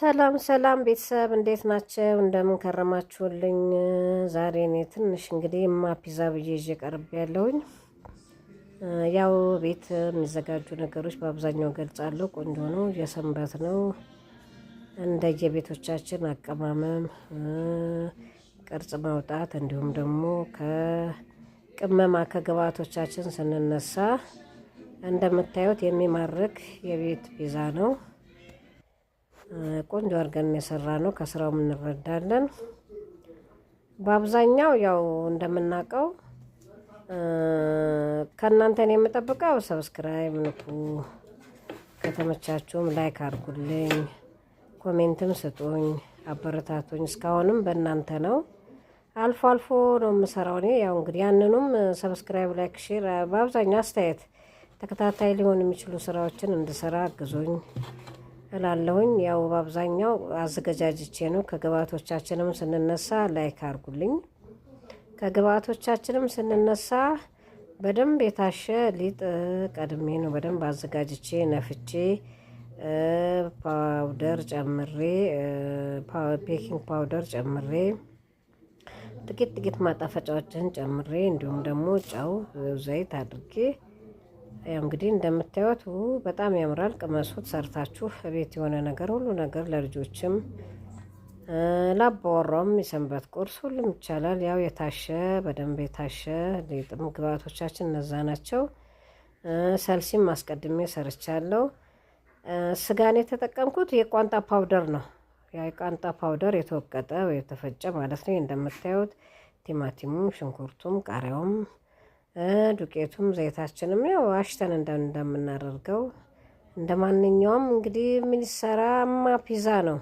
ሰላም ሰላም ቤተሰብ እንዴት ናቸው? እንደምን ከረማችሁልኝ? ዛሬ እኔ ትንሽ እንግዲህ እማ ፒዛ ብዬ ይዤ ቀርብ ያለውኝ ያው ቤት የሚዘጋጁ ነገሮች በአብዛኛው ገልጻለሁ። ቆንጆ ነው፣ የሰንበት ነው። እንደየቤቶቻችን አቀማመም ቅርጽ ማውጣት እንዲሁም ደግሞ ከቅመማ ከግብአቶቻችን ስንነሳ እንደምታዩት የሚማርክ የቤት ፒዛ ነው። ቆንጆ አድርገን የሰራ ነው። ከስራው እንረዳለን። በአብዛኛው ያው እንደምናውቀው ከእናንተን የምጠብቀው ሰብስክራይብ ንኩ፣ ከተመቻችሁም ላይክ አድርጉልኝ፣ ኮሜንትም ስጡኝ፣ አበረታቱኝ። እስካሁንም በእናንተ ነው። አልፎ አልፎ ነው የምሰራው እኔ ያው እንግዲህ ያንኑም ሰብስክራይብ፣ ላይክ፣ ሼር በአብዛኛው አስተያየት ተከታታይ ሊሆን የሚችሉ ስራዎችን እንድሰራ አግዞኝ እላለሁኝ። ያው በአብዛኛው አዘገጃጅቼ ነው። ከግብአቶቻችንም ስንነሳ ላይክ አርጉልኝ። ከግብአቶቻችንም ስንነሳ በደንብ የታሸ ሊጥ ቀድሜ ነው በደንብ አዘጋጅቼ ነፍቼ ፓውደር ጨምሬ ቤኪንግ ፓውደር ጨምሬ ጥቂት ጥቂት ማጣፈጫዎችን ጨምሬ እንዲሁም ደግሞ ጨው፣ ዘይት አድርጌ ያው እንግዲህ እንደምታዩት በጣም ያምራል። ቅመሱት ሰርታችሁ ቤት የሆነ ነገር ሁሉ ነገር ለልጆችም ላባወራውም የሰንበት ቁርስ ሁሉም ይቻላል። ያው የታሸ በደንብ የታሸ ሊጥም ግብአቶቻችን እነዛ ናቸው። ሰልሲም አስቀድሜ ሰርቻለሁ። ስጋን የተጠቀምኩት የቋንጣ ፓውደር ነው። የቋንጣ ፓውደር የተወቀጠ ወይ የተፈጨ ማለት ነው። እንደምታዩት ቲማቲሙም፣ ሽንኩርቱም፣ ቃሪያውም ዱቄቱም ዘይታችንም ያው አሽተን እንደምናደርገው እንደ ማንኛውም እንግዲህ የሚሰራማ ፒዛ ነው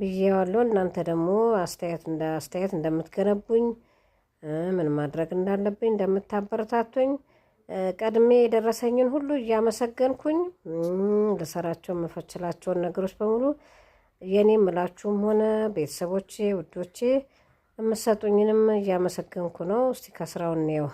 ብዬዋለሁ። እናንተ ደግሞ አስተያየት እንደ አስተያየት እንደምትገነቡኝ ምን ማድረግ እንዳለብኝ እንደምታበረታቱኝ ቀድሜ የደረሰኝን ሁሉ እያመሰገንኩኝ ልሰራቸው የምፈችላቸውን ነገሮች በሙሉ የኔ ምላችሁም ሆነ ቤተሰቦቼ፣ ውዶቼ የምሰጡኝንም እያመሰገንኩ ነው። እስቲ ከስራውን እንየው።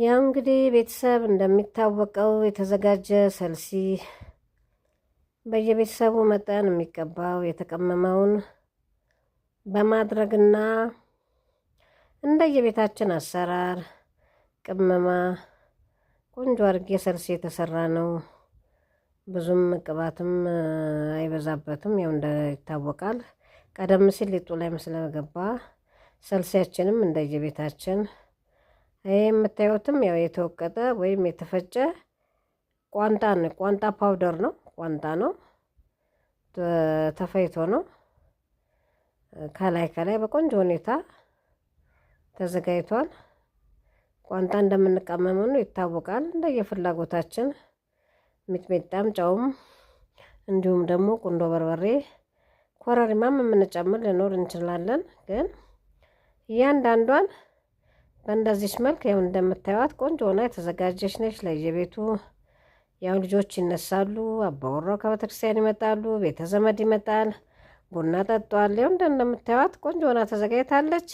ያው እንግዲህ ቤተሰብ እንደሚታወቀው የተዘጋጀ ሰልሲ በየቤተሰቡ መጠን የሚቀባው የተቀመመውን በማድረግና እንደየቤታችን አሰራር ቅመማ ቆንጆ አድርጌ ሰልሲ የተሰራ ነው። ብዙም ቅባትም አይበዛበትም። ያው እንደ ይታወቃል ቀደም ሲል ሊጡ ላይ ስለገባ ሰልሲያችንም እንደየቤታችን ይህ የምታዩትም ያው የተወቀጠ ወይም የተፈጨ ቋንጣ ነው። ቋንጣ ፓውደር ነው። ቋንጣ ነው ተፈይቶ ነው። ከላይ ከላይ በቆንጆ ሁኔታ ተዘጋጅቷል። ቋንጣ እንደምንቀመመው ነው ይታወቃል። እንደየፍላጎታችን ሚጥሚጣም፣ ጨውም እንዲሁም ደግሞ ቁንዶ በርበሬ፣ ኮረሪማም የምንጨምር ልኖር እንችላለን። ግን እያንዳንዷን በእንደዚች መልክ ያው እንደምታዩት ቆንጆ ሆና የተዘጋጀች ነች። ለየቤቱ ያው ልጆች ይነሳሉ፣ አባወራው ከቤተክርስቲያን ይመጣሉ፣ ቤተዘመድ ይመጣል፣ ቡና ጠጧል። ያው እንደምታዩት ቆንጆ ሆና ተዘጋጅታለች።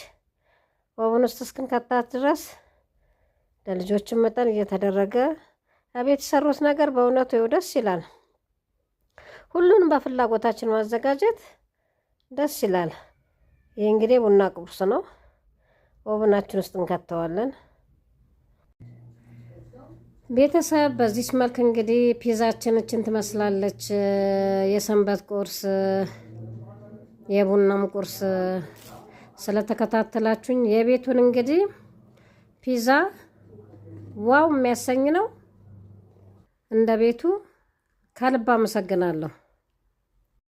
ኦቨን ውስጥ እስክንከታት ድረስ ለልጆችን መጠን እየተደረገ ቤት የሰሩት ነገር በእውነቱ ይኸው ደስ ይላል። ሁሉንም በፍላጎታችን ማዘጋጀት ደስ ይላል። ይህ እንግዲህ ቡና ቁርስ ነው። ኦቨናችን ውስጥ እንከተዋለን። ቤተሰብ በዚች መልክ እንግዲህ ፒዛችንችን ትመስላለች። የሰንበት ቁርስ የቡናም ቁርስ ስለተከታተላችሁኝ የቤቱን እንግዲህ ፒዛ ዋው የሚያሰኝ ነው። እንደ ቤቱ ከልብ አመሰግናለሁ።